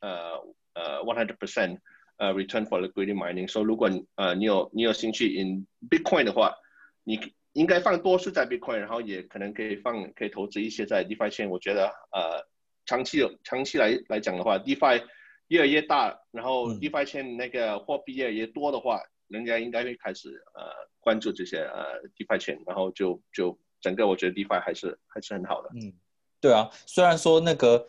呃，呃，one hundred percent，呃，return for the greedy mining。So，如果，呃，你有你有興趣 in bitcoin 的話，你應該放多數在 bitcoin，然後也可能可以放可以投資一些在 DeFi Chain。我覺得，呃，長期有長期來來講的話，defi 越來越大，然後 DeFi Chain 那個貨幣越來越多的話，嗯、人家應該會開始，呃，關注這些，呃，DeFi Chain，然後就就整個我覺得 defi 還是還是很好的。嗯，對啊，雖然說那個。